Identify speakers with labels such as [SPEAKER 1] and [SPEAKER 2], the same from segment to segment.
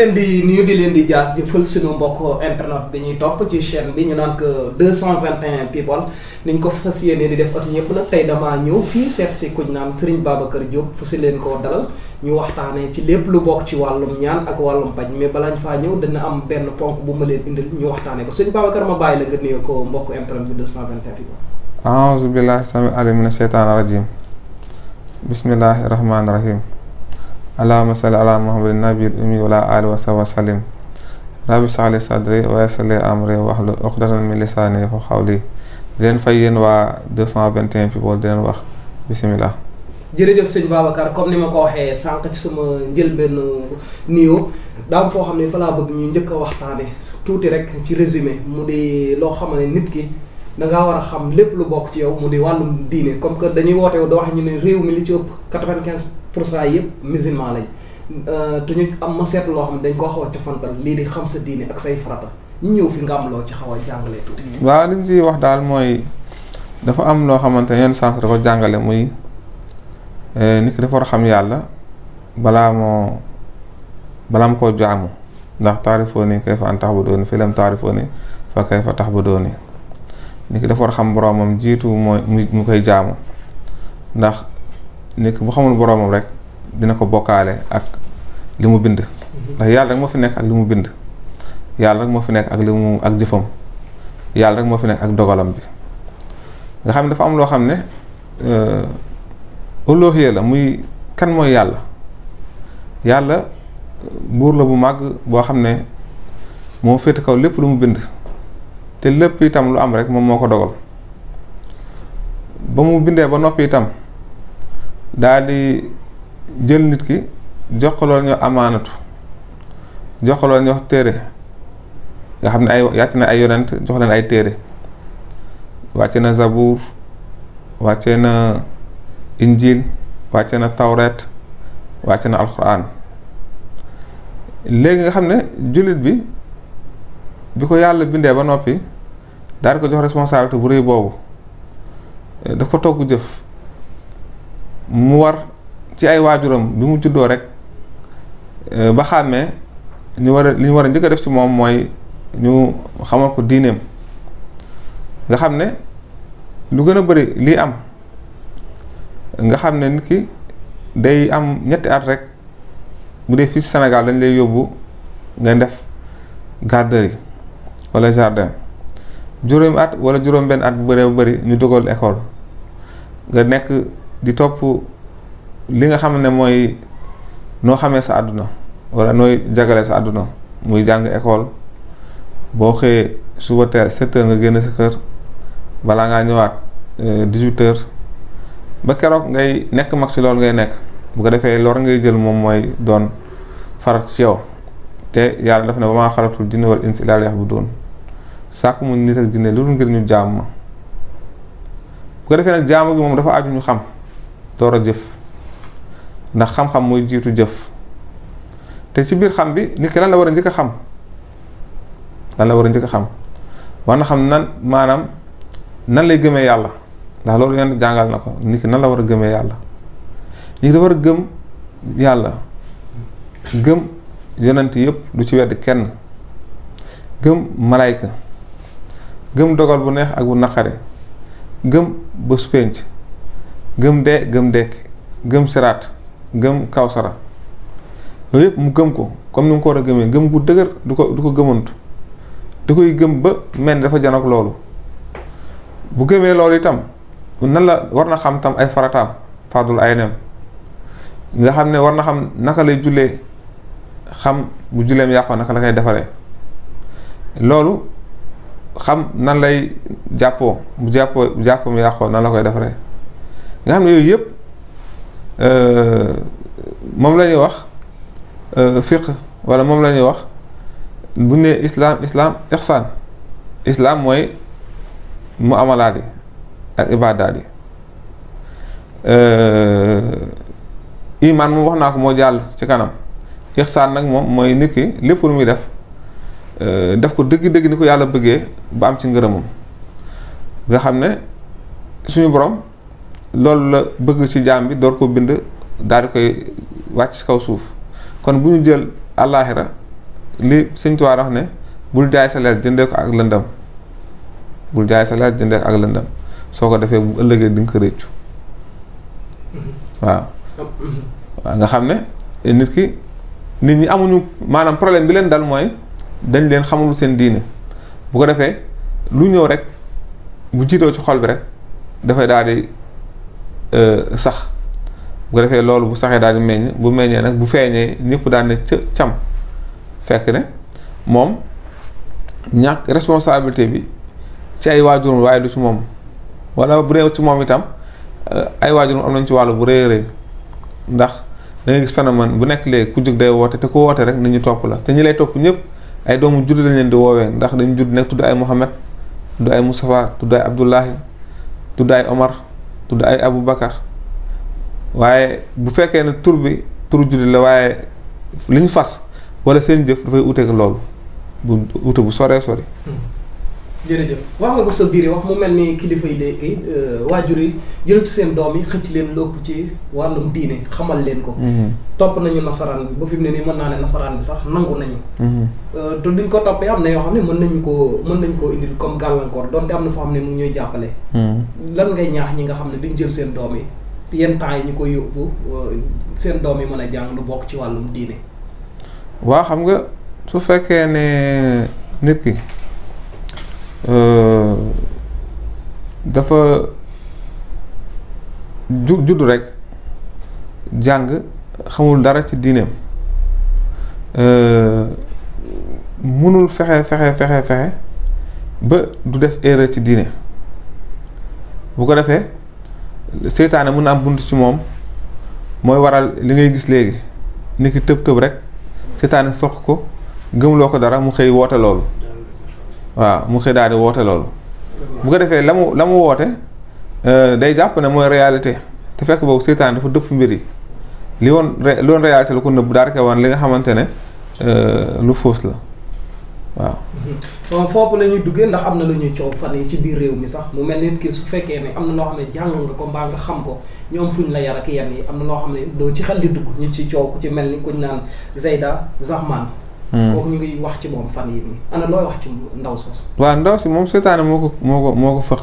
[SPEAKER 1] leen di nuyu di leen di jaar jëfal suñu mbokk internet bi ñuy topp ci chaîne bi ñu naan que 221 people ni ñu ko fas yéenee di def at ñëpp la tey damaa ñëw fii seet si kuñ naan Serigne Babacar Diop fu si leen koo dalal ñu waxtaanee ci lépp lu bokk ci wàllum ñaan ak wàllum paj mais ñu faa ñëw dina am benn ponk bu ma leen indil ñu waxtaanee ko Serigne Babacar ma bàyyi la nga nuyu ko mbokk internet bi 221 people.
[SPEAKER 2] aouzu billahi sami alim mina sheytaani rajim bismillahi rahmaani rahim. allahumma salli ala muhammadin nabil ummi wala ali wa sawa salim rabbi saxli sadri wa yassir li amri wahlul uqdatan min lisani yafqahu qawli di leen fay yéen waa 221 people di leen wax bisimilah.
[SPEAKER 1] jërëjëf sëñ Babacar comme ni ma ko waxee sànq ci sama njëlbeen nuyoo daam foo xam ne fa laa bëgg ñu njëkk a waxtaane tuuti rek ci résumé mu di loo xam ne nit ki da war a xam lépp lu bokk ci yow mu di wàllum diine comme que dañuy woote da wax ñu ne pour ça yëpp musulman lañ euh, te am ma seet loo xam ne dañ koo xaw a cofantal lii di xam sa diine ak say farata ñu ñëw fi nga am loo ci xaw a jàngalee tuuti. Mm-hmm.
[SPEAKER 2] waaw ciy wax daal mooy dafa am loo xamante ne yenn sens da jàngale muy euh, nit ki dafa war xam yàlla balaa moo balaa mu koo jaamu ndax taarifoo nii kay fa an tax bu doon fii lam taarifoo nii fa kay fa tax bu doon nit ki dafa war a xam boromam jiitu mooy mu koy jaamu ndax. nit bu xamul boroomam rek dina ko bokkaale ak li mu bind mhm. ndax yàlla rek moo fi nekk ak li mu bind yàlla rek moo fi nekk ak li mu ak jëfam yàlla rek moo fi nekk ak dogalam bi nga dafa am loo xam ne uluhiyya la muy kan mooy yàlla yàlla buur la bu màgg boo xam ne moo féete kaw lépp lu mu bind te lépp itam lu am rek moom moo ko dogal ba mu bindee ba noppi itam daal di jël nit ki jox ko loolu ñu amaanatu jox ko loolu ñu wax téere nga xam ne ay yàcc na ay yonent jox leen ay téere wàcce na zabuur wàcce na injil wàcce na tawret wàcce na alquran léegi nga xam ne jullit bi bi ko yàlla bindee ba noppi daal ko jox responsabilité bu rëy boobu eh, dafa ko togg jëf mu war ci ay waajuram bi mu juddoo rek euh, ba xàmmee ñu war a li ñu war a njëkk def ci moom mooy ñu xamal ko diineem nga xam ne lu gën a bari lii am nga xam ne nit ki day am ñetti at rek bu dee fii ci Sénégal dañ lay yóbbu ngay def garderie wala jardin juróomi at wala juróom benn at bu bëree bu bëri ñu dugal école nga nekk di topp li nga xam ne mooy noo xamee sa àdduna wala nooy jagalee sa àdduna muy jàng école boo xëyee suba teel sept heures nga génn sa kër balaa ngaa ñëwaat euh, dix-huit ba keroog ngay nekk mag ci loolu ngay nekk bu ko defee lool ngay jël moom mooy doon farat ci yow te yàlla daf ne ba maa xalatul jinne wal ins illaa liya'buduun sàkku mu nit ak jinne lu dul ngir ñu jaam ma bu ko defee nag jaamu gi moom dafa aju ñu xam door a jëf ndax xam-xam mooy jiitu jëf te ci biir xam bi nit lan la war a njëkk a xam lan war a njëkk xam war na xam nan maanaam nan lay gëmee yàlla ndax loolu yéen jàngal na ko nit nan la war a gëmee yàlla nit ki war a gëm yàlla gëm yonent yépp lu ci wedd kenn gëm malayka gëm dogal bu neex ak bu naqare gëm bés gëm de gëm de gëm seraat gëm kawsara yooyu yëpp mu gëm ko comme ni mu ko war a gëmee gëm bu dëgër du ko du ko gëmantu du koy gëm ba mel ni dafa janoog loolu bu gëmee loolu itam nan la war na xam tam ay farataam fadul ay nem nga xam ne war na xam naka lay jullee xam bu julleem yàqoo naka la koy defaree loolu xam nan lay jàppoo bu jàppoo bu jàppam yàqoo na la koy defaree nga xam ne yooyu yëpp euh, moom lañuy wax euh, fiq walla moom la ñuy wax bu ñu nee islaam islam islaam mooy mu amalaat yi ak ibadaat yi euh, iman moom wax naa ko moo jàll ci kanam ihsan nag moom mooy nit ki lépp lu muy def def ko dëgg-dëgg ni ko yàlla bëggee ba am ci ngërëmam nga xam ne suñu borom loolu la bëgg ci jaam bi door ko bind daal di koy wàcc ci kaw suuf kon bu ñu jël àllaaxira li Sëñ wax ne bul jaay sa leer jëndee ko ak lëndam bul jaay sa leer jëndee ak lëndam soo ko defee bu ëllëgee di nga ko réccu waaw waaw nga xam ne nit ki nit ñi amuñu maanaam problème bi leen dal mooy dañ leen xamulu seen diine bu ko defee lu ñëw rek bu jiitoo ci xol bi rek dafay daal Euh, sax bu ko defee loolu bu saxee daal di meññ bu meññee nag bu feeñee ñëpp daal ne ca cam fekk ne moom ñàkk responsabilité bi ci ay waajurum waaye du ci moom wala bu dee ci moom itam euh, ay waajurum am nañ ci wàllu bu rëy rëy ndax da nga gis phénomène bu nekk lee ku jóg day woote te ku woote rek nit ñu topp la te ñu lay topp ñëpp ay doomu judd lañ leen di woowee ndax dañu judd nekk tudd ay Mouhamed tudd ay Moustapha tudd ay Abdoulahi tudd ay Omar tudd ay Abu Bakar waaye bu fekkee ne tur bi tur jullit la waaye li ñu fas wala seen jëf dafay uteeg loolu bu ute bu soree sore
[SPEAKER 1] hmm. jërëjëf wax nga ko sa biir wax mu mel ni kilifa yi léegi euh, waajur yi jëlatu seen doom yi xëcc leen lu ci wàllum diine xamal leen ko. Mhm. topp nañu nasaraan bi ba fi mu ne nii mën naa ne nasaraan bi sax nangu nañu. Mhm. Euh, te duñ ko toppee am na yoo xam ne mën nañu koo mën nañu koo indil comme gàllankoor donte am na foo xam ne mu ngi ñuy jàppale. Mhm. lan ngay ñaax ñi nga xam ne duñ jël seen doom yi yenn temps yi ñu koy yóbbu euh, seen doom yi mën a jàng lu bokk ci wàllum diine.
[SPEAKER 2] waa xam nga su fekkee ne nit ki. Euh, dafa ju judd rek jàng xamul dara ci diineem euh, mënul fexe fexe fexe fexe ba du def erreur ci diine bu ko defee seytaane mun na am bunt ci moom mooy waral li ngay gis léegi nit ki tëb tëb rek seytaane foq ko gëmuloo ko dara mu xëy woote loolu waaw mu xëy daal woote loolu bu ko defee la mu la mu woote euh, day jàpp ne mooy réalité te fekk boobu seytaane dafa dëpp mbir yi li woon li woon réalité la ko nëbb daal di wan li nga xamante ne euh, lu foos la waaw.
[SPEAKER 1] moom foofu la ñuy duggee ndax am na lu ñuy coow fan yi ci biir réew mi sax mu mel nit ki su fekkee ne am na loo xam ne jàng nga ko mbaa nga xam ko ñoom ñu la yar ak yenn yi am na loo xam ne doo ci xel di dugg ñu ci coow ku ci mel ni kuñ naan Zeyda Zahman. Hmm. kooku ñu wax ci moom fan ndaw soos
[SPEAKER 2] waaw ndaw si moom seytaane moo ko moo ko moo ko fëq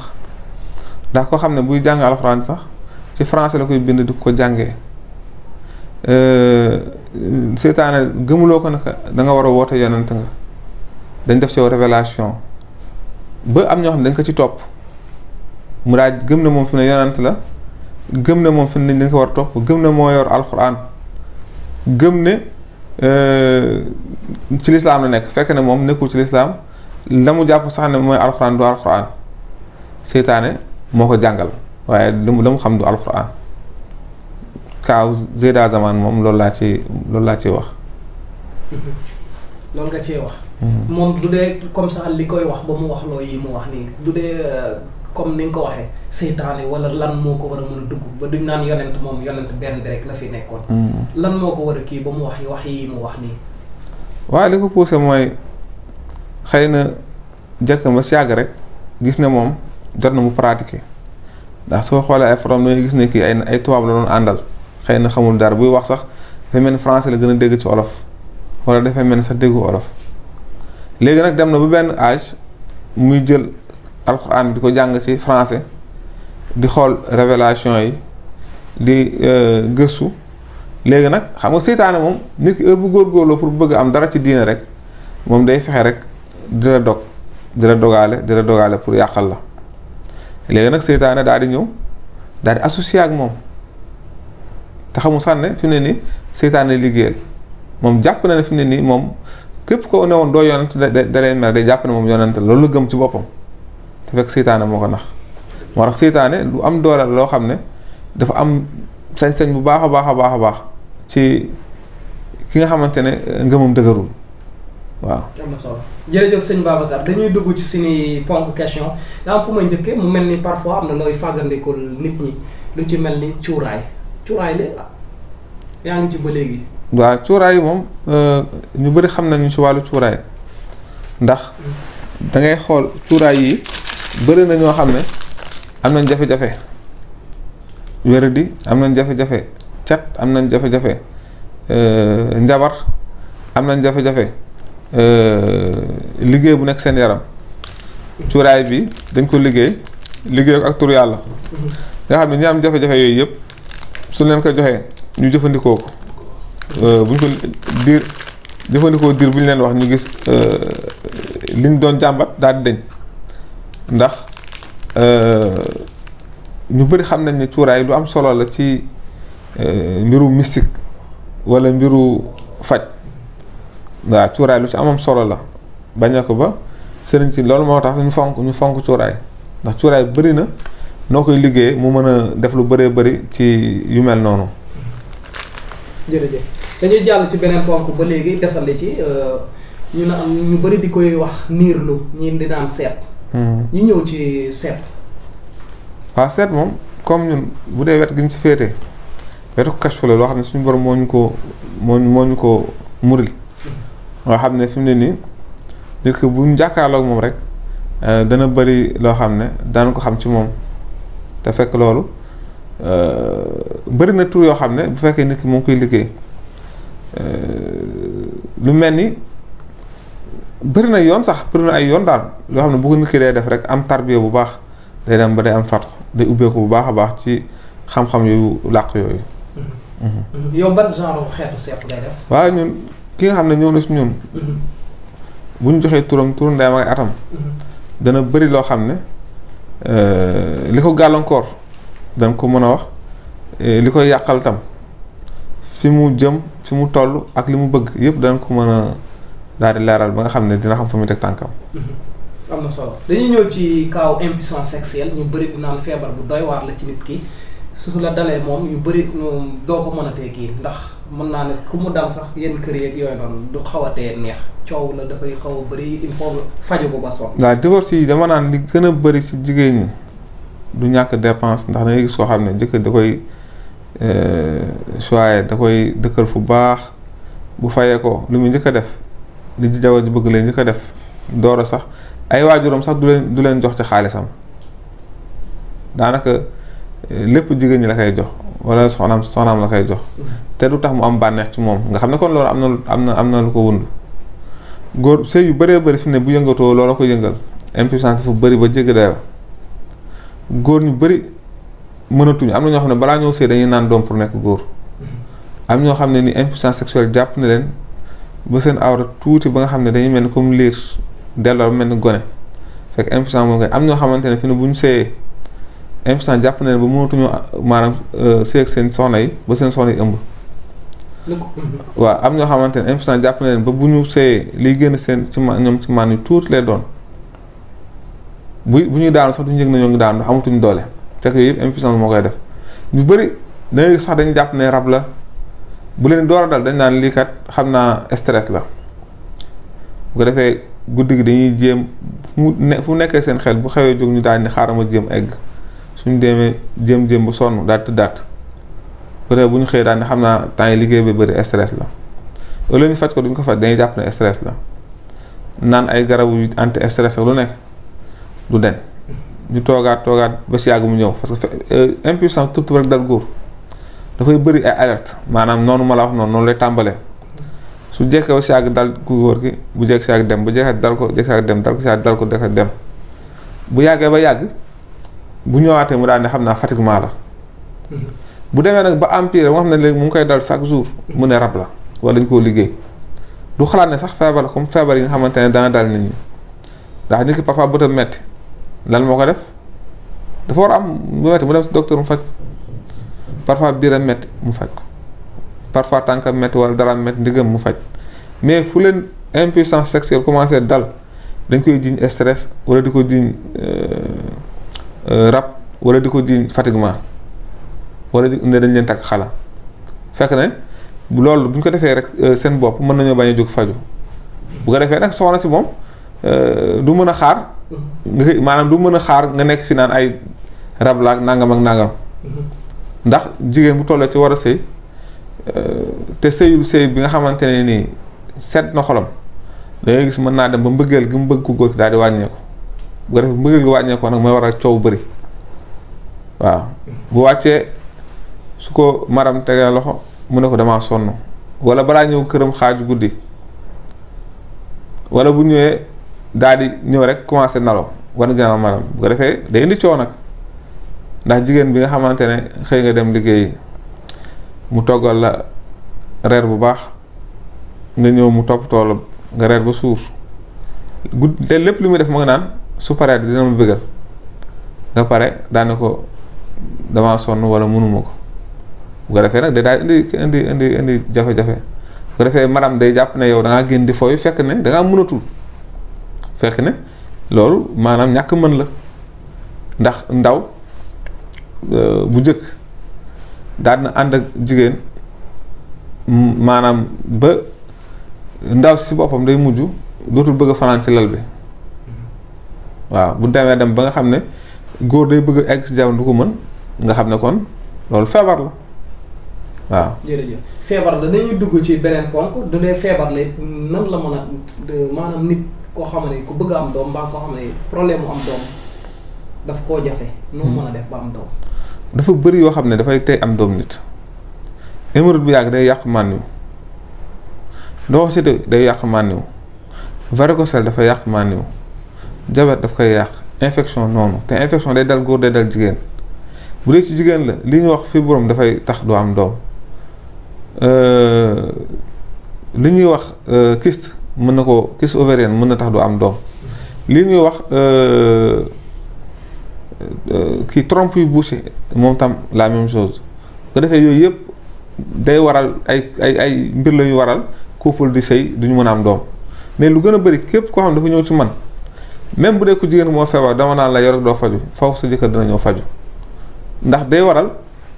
[SPEAKER 2] ndax koo xam ne buy jàng alxuraan sax ci français la koy bind di ko jàngee euh, seytaane gëmuloo ko naka danga war a woote yonent nga dañ def ci révélation ba am ñoo xam ne dañ ko ci topp mu daa gëm na moom fi ne yonent la gëm na moom fi ne dañ ko war a topp gëm na moo yor alxuraan gëm ne Euh, ci lislaam la nekk fekk ne moom nekkul ci lislaam la mu jàpp sax ne mooy alxuraan du alxuraan seytaane moo ko jàngal waaye la mu xam du alxuraan kaaw Zeyda Zaman moom loolu laa ci loolu laa ciy wax.
[SPEAKER 1] loolu nga ciy wax. Hmm. moom du dee comme ça li koy wax ba mu wax loo yi mu wax nii du dee. Euh, comme ni nga ko waxee seytaane wala lan moo ko war a mën a dugg ba duñ naan yonent moom yonent benn bi rek la fi nekkoon. Mm. lan moo ko war a kii ba mu wax yi wax yi mu wax nii.
[SPEAKER 2] waaye li ko poussé mooy xëy na jëkk ma si yàgg rek gis ne moom jot na mu pratiquer ndax soo xoolee ay forom dañuy gis ne kii ay ay tubaab la doon àndal xëy na xamul dara buy wax sax dafay mel ni français la gën a dégg ci olof wala dafay mel ni sax déggu olof léegi nag dem na ba benn âge alxuraan di ko jàng ci français di xool révélation yi di euh, gëstu léegi nag xam nga seytaane moom nit ki heure bu góor góorgóorloo pour bëgg am dara ci diine rek moom day fexe rek di la dog di la dogale di la dogaale pour yàqal la léegi nag seytaane daal di ñëw daal di associé ak moom te xamu sànne fi ne nii seytaane liggéeyal moom jàpp na ne fi ne nii moom képp ko ne woon doo yonent da da day mel day jàpp ne moom yonent la loolu gëm ci boppam. te fekk seytaane moo ko nax moo tax seytaane lu am doole loo xam ne dafa am sañ-sañ bu baax a baax a baax a baax ci ki nga xamante ne euh, ngëmam dëgërul waaw.
[SPEAKER 1] am na solo jërëjëf sëñ Babacar dañuy dugg ci suñuy ponk question daa am fu may njëkkee mu mel ni parfois am na looy fàggandikul nit ñi lu ci mel ni cuuraay cuuraay la ah, yaa ngi ci ba léegi.
[SPEAKER 2] waaw cuuraay moom euh, ñu bari xam nañu ci wàllu cuuraay ndax hmm. dangay xool cuuraay yi. bëri na ñoo xam ne am nañ jafe-jafe wéradi am nañ jafe-jafe cat am nañ jafe-jafe euh, njabar am nañ jafe-jafe euh, liggéey bu nekk seen yaram cuuraay bi dañ ko liggéey liggéey ko ak tur yàlla nga xam ne ñi am jafe-jafe yooyu yëpp suñ leen ko joxee ñu jëfandikoo ko euh, bu ñu ko diir jëfandikoo diir bu ñu leen wax ñu gis liñ doon jàmbat daal di dañ ndax euh, ñu bari xam nañ ne cuuraay lu am solo la ci euh, mbiru mistik wala mbiru faj waaw cuuraay lu ci amam solo la ba a ko ba sëriñ si loolu moo tax ñu fonk ñu fonk cuuraay ndax cuuraay bari na noo koy liggéey mu mën a def lu bëree bari ci yu mel noonu.
[SPEAKER 1] jërëjëf dañuy jàll ci beneen ponk ba léegi desal ci euh, ñu na am ñu bëri di koy wax niirlu ñi di naan seet. Hmm. ñu ñëw ci seet.
[SPEAKER 2] waaw seet moom comme ñun bu dee wet gi ñu si féetee wetu cash flow loo xam ne suñu borom moo ñu ko moo moo ñu ko muril. Hmm. nga xam ne fi mu ne nii nit ki bu ñu jàkkaarloog moom rek euh, dana bëri loo xam ne daan ko xam ci moom te fekk loolu euh, bëri na tur yoo xam ne bu fekkee nit ki moo koy liggéey euh, lu mel ni bëri na yoon sax bëri na ay yoon daal yoo xam ne bu ko nit ki dee def rek am tarbiya bu baax day dem ba day am fatxu day ubbeeku bu baax a baax ci xam-xam yooyu làq mm-hmm. yooyu.
[SPEAKER 1] Mm-hmm. yow ban genre ñun
[SPEAKER 2] ki nga xam ne ñëw si ñun. Mm-hmm. bu ñu joxee turam turu ndeyam ak atam. dana bëri loo xam ne euh, li ko gàllankoor danga ko mën a wax euh, li koy yàqal tam fi mu jëm fi mu toll ak li mu bëgg yëpp dañ ko mën a. daal di leeral ba nga xam ne dina xam fu mu teg tànkam.
[SPEAKER 1] Mm-hmm. am na solo ñëw ci kaw impuissance sexuelle ñu bëri di naan feebar bu doy waar la ci nit ki su la dalee moom yu bëri doo ko mën a tee kii ndax mën naa ne ku mu dal sax yenn kër yeeg yooyu noonu du xaw a tee neex coow la dafay xaw a bëri il faut faju ko ba
[SPEAKER 2] sonn. waaw divorce yi dama naan li gën a bëri si jigéen ñi du ñàkk depense ndax dañuy gis koo xam ne jëkkër da koy euh, choix da koy dëkkal fu baax bu fayee ko lu muy njëkk a def. li jabar ji bëgg leen di ko def door a sax ay waajuram sax du leen du leen jox ci xaalisam daanaka eh, lépp jigéen ñi la koy jox wala soxnaam soxnaam la koy jox te du tax mu am bànneex ci moom nga xam ne kon loolu am na am na am na lu ko wund góor sëy yu baree bëri fi ne bu yëngatoo loola ko yëngal impuissance fu bari ba jéggi dayoo góor ñu bëri mënatuñu am na ñoo xam ne balaa ñoo sëy dañuy naan doom pour nekk góor am ñoo xam ne ni impuissance sexuelle jàpp na leen ba seen awra tuuti ba nga xam ne dañuy mel ni comme liir delloo mel ni gone fekk impuissant moom am ñoo xamante ne fi bu ñu seeyee impuissant jàpp na ne ba mënatuñoo maanaam euh, seey seen soxna yi ba seen soxna yi ëmb. waaw am ñoo xamante ne impuissant jàpp na ba bu ñu seeyee liy génn seen ci ma ñoom ci maan yu tuuti lay bu bu ñuy daanu sax duñu na ñoo ngi daanu ndax amatuñu doole fekk yooyu moo koy def ñu bëri da ngay sax dañ jàpp ne rab la. bu leen door a dal dañ naan lii kat xam naa stress la bu ko defee guddi gi dañuy jéem fu mu ne fu nekkee seen xel bu xewee jóg ñu daan ni xaaral ma jéem egg suñu demee jéem jéem bu sonn daal tëddaat bu defee bu ñu xëyee daan ni xam naa temps yi liggéey bi bëri stress la au lieu ñu faj ko duñ ko faj dañuy jàpp ne stress la naan ay garabu anti stress lu nekk du den ñu toogaat toogaat ba si yàgg mu ñëw parce que euh, impuissance tub tub rek dal góor. dafay bëri ay alerte maanaam noonu ma la wax noonu noonu lay tàmbalee su jekkee ba si àgg dal ku góor ki bu jekk si àgg dem bu jekk dal ko jekk dem dal ko dal ko dal dem bu yàggee ba yàgg bu ñëwaatee mu daal ne xam naa fatiguement la mm-hmm. bu demee nag ba empire moo xam ne léegi mu ngi koy dal chaque jour mu ne rab la wala dañ koo liggéey du xalaat ne sax feebar comme feebar yi nga xamante ne dana dal nit ñi ndax nit ki parfois bëtam metti lan moo ko def dafa war am bu metti mu dem si mu faj parfois biiram métti mu faj ko tànk tànkam métti wala dara métti ndigam mu faj mais fu leen impuissance sexuelle commencé dal dañ koy jiñ stress wala di ko jiñ euh, euh, rab wala di ko jiñ fatiguement wala di ne dañ leen takk xala fekk ne loolu bu ñu ko defee rek euh, seen bopp mën nañoo bañ a jóg faju bu ko defee nag soxna si moom du mën a xaar
[SPEAKER 1] mm-hmm.
[SPEAKER 2] nga maanaam du mën a xaar nga nekk fi naan ay rab laak nangam ak nangam mm-hmm. ndax jigéen bu tollee ci war a sëy euh, te sëyul sëy bi nga xamante ne nii set na xolam da ngay gis mën naa dem ba mbëggeel gi mu bëgg ku góor ki daal di wàññeeku bu ko mbëggeel gi wàññeekoo nag mooy a coow bëri waaw bu wàccee su ko maram tegee loxo mu ne ko damaa sonn wala balaa ñëw këram xaaju guddi wala bu ñëwee daal di ñëw rek commencé nalaw war nga maanaam bu ko defee day indi coow nag. ndax jigéen bi nga xamante ne xëy nga dem liggéeyi mu toggal la reer bu baax nga ñëw mu topp tool nga reer ba suur gudd lépp lu muy def mu nga naan su paree dina ma bëggal nga pare daane ko dama sonn wala mënuma ko bu ko defee nag day daal indi indi indi indi jafe-jafe bu ko defee maram day jàpp ne yow da génn di fooyu fekk ne dangaa ngaa mënatul fekk ne loolu maanaam ñàkk mën la ndax ndaw Euh, bu njëkk daana na ànd ak jigéen maanaam ba ndaw si boppam day mujj dootul bëgg fanaan ci lal bi mm-hmm. waaw bu demee dem ba nga xam ne góor day bëgg a egg si jamono du ko mën nga xam ne kon loolu feebar la waaw.
[SPEAKER 1] jërëjëf feebar la dañuy dugg ci beneen ponk du dee feebar la nan la mën a maanaam nit koo xam ne ku bëgg a am doom mbaa koo xam ne problème am doom. daf koo hmm.
[SPEAKER 2] dafa bëri yoo xam ne dafay tey am doom nit. hémorroïde bu yàgg day yàq màndiw ndoxu day yàq mànniw varicocèle dafay yàq mànniw jabet daf koy yàq infection noonu te infection day dal góor day dal jigéen bu dee ci jigéen la li ñuy wax fibrome dafay tax du euh, euh, am doom li ñuy wax kyste mën na ko kyste mën na tax du am doom li ñuy wax Euh, kii trompe yu bouché moom tam la même chose bu defee yooyu yëpp day waral ay ay ay mbir la ñu waral couple di sëy duñu mën a am doom mais lu gën a bëri képp koo xam dafa ñëw ci man même bu dee ku jigéen moo feebar dama naan la yor doo faju foofu sa jëkkër dina ñëw faju ndax day waral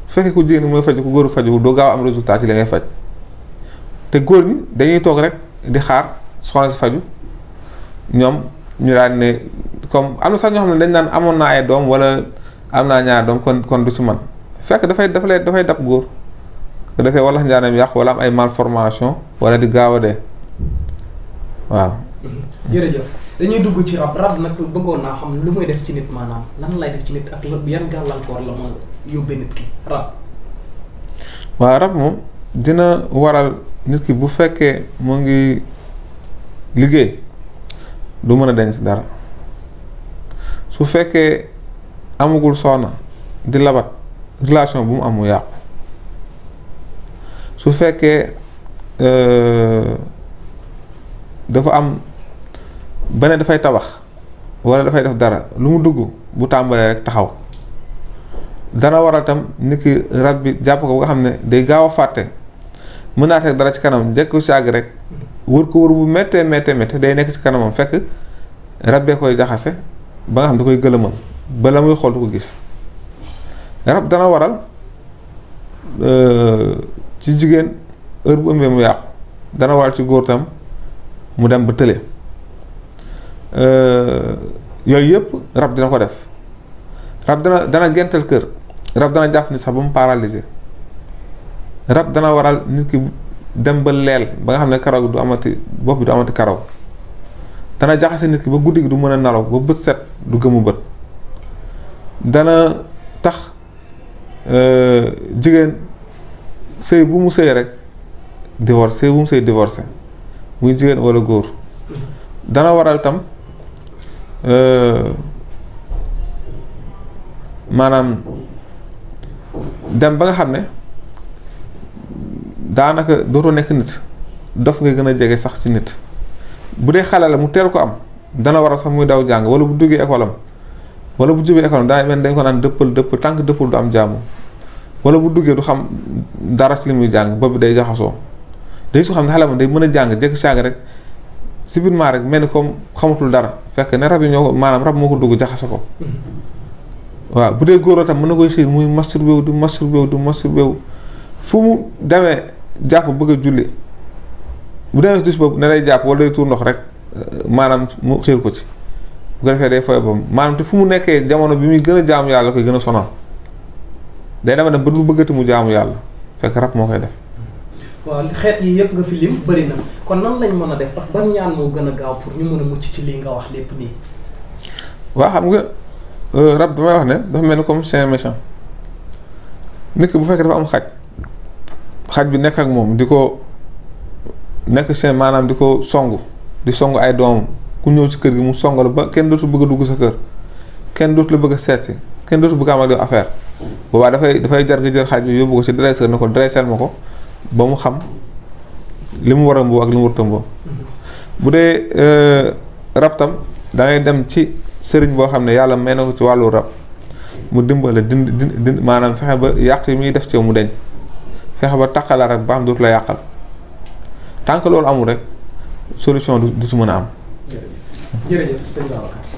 [SPEAKER 2] fekkee ku jigéen mooy faju ku góoru faju doo gaaw am résultat ci li ngay faj te góor ñi dañuy toog rek di xaar soxna si faju ñoom ñu daan ne comme am na sax ñoo xam ne dañ daan amoon naa ay doom wala am naa ñaar doom kon kon du ci man fekk dafay dafa lay dafay dab góor dafay walax njaanam yàq wala am ay malformation wala di gaaw a dee waaw.
[SPEAKER 1] jërëjëf dañuy dugg ci rab rab nag bëggoon naa xam lu muy def ci nit maanaam lan lay def ci nit ak yan gàllankoor la mën yóbbee nit ki rab.
[SPEAKER 2] waaw rab moom dina waral nit ki bu fekkee mu ngi liggéey du mën a denc dara. su fekkee amagul soxna di labat relation bu mu am mu yàqu su fekkee euh, dafa am beneen dafay tabax walla dafay def dara lu mu dugg bu tàmbalee rek taxaw dana waral tam nit ki rab bi jàpp ko ba nga xam ne day gaaw a fàtte mën naa teg dara ci kanam jekku si àgg rek wër ko wër bu mettee méttee méttee day nekk ci kanamam fekk rab bee koy jaxase ba nga xam da koy gëlëmal ba la muy xool du ko gis rab dana waral euh, ci jigéen heure bu ëmbee mu yàqu dana waral ci góor tam mu dem ba tële euh, yooyu yëpp rab dina ko def rab dana dana gental kër rab dana jàpp ni sax ba mu paralysé rab dana waral nit ki dem ba leel ba nga xam ne karaw gi du amati bopp bi du amati karaw dana jaxase nit ki ba guddi gi du mën a nalaw ba bët set du gëmu bët dana tax euh, jigéen sëy bu mu sëy rek divorce sëy bu mu sëy divorcé muy jigéen walla góor dana waral tam euh, maanaam dem ba nga xam ne daanaka dootoo nekk nit dof nga gën a jege sax ci nit bu dee xale la mu teel ko am dana war a sax muy daw jàng wala bu duggee école am wala bu jubee école am daa mel dañ ko naan dëppal dëppal tànk dëppal du am jàmm wala bu duggee du xam dara si li muy jàng bopp bi day jaxasoo day su xam ne xale moom day mën a jàng jekk sàng rek subitement rek mel ni comme xamatul dara fekk ne rab yi ñoo ko maanaam rab moo ko dugg jaxase ko waaw bu dee góoroo tam mën na koy xiir muy masturbé wu du masturbé wu du masturbé fu mu demee jàpp bëgg a julli bu demee dus boobu ne lay jàpp wala day tuur ndox rek Euh, maanaam mu xiir ko ci bu ko defee day fooy maanaam te fu mu nekkee jamono bi muy gën a jaamu yàlla koy gën a sonal day dama dem ba du bëggati mu jaamu yàlla fekk rab moo koy def.
[SPEAKER 1] waaw xeet yi yëpp nga fi lim bëri kon nan lañ mën a def ak ñaan moo gën a gaaw pour ñu mën a mucc ci lii nga wax lépp nii.
[SPEAKER 2] waa xam nga euh, rab damay wax ne dafa mel ni comme chien méchant nit ki bu fekkee dafa am xaj xaj bi nekk ak moom di ko nekk chien maanaam di ko song di song ay doomam ku ñëw ci kër gi mu songal ba kenn dootu bëgg a dugg sa kër kenn dootu la bëgg seet si kenn dootu bëgg a amal yow affaire boobaa dafay dafay jar nga jël xaaj bi yóbbu ko ci dresseur ne ko dressel ma ko ba mu xam li mu war a mboo ak li mu war a bu dee euh, rab tam da dem ci sëriñ boo xam ne yàlla may na ko ci wàllu rab mu dimbale dindi dindi maanaam fexe ba yàq yi muy def ci mu deñ fexe ba taqala rek ba am dootu la yàqal tant que loolu amul rek. solution du si mën a am.
[SPEAKER 1] jërëjëf